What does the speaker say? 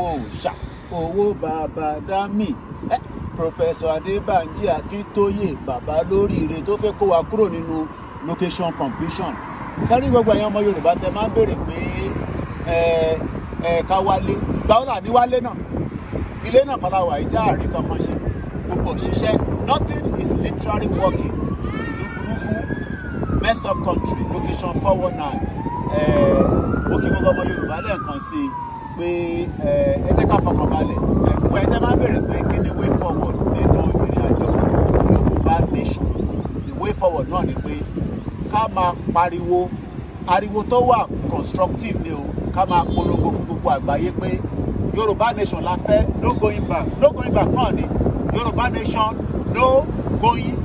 owó òòṣà owó bàbá dámì pòfẹsọ adébànjì akíntóyè bàbá lóríire tó fẹ́ kó wa kúrò nínú location confusion kárí gbogbo ẹ̀yàn ọmọ yorùbá tẹ máa ń béèrè pé ẹ ká wálé gbàwọ́lá ní wálé náà ilé náà padà wà ìjà àárín kankan ṣe gbogbo òṣìṣẹ́ nothing is literally working ìlú burúkú mess up country location four one nine ó kí gbogbo ọmọ yorùbá lẹ́ẹ̀kan sí i pé ẹ jẹ́ ká fọkànbalẹ̀ ẹ̀kú ẹ jẹ́ máa bèrè pé kí ni way forward nínú ìrìn àjò Yorùbá nation the way forward náà ni pé ká máa pariwo ariwo tó wà constructive ni o ká máa polongo fún gbogbo àgbáyé pé Yorùbá nation la fẹ́ no going back no going back náà ni Yorùbá nation no going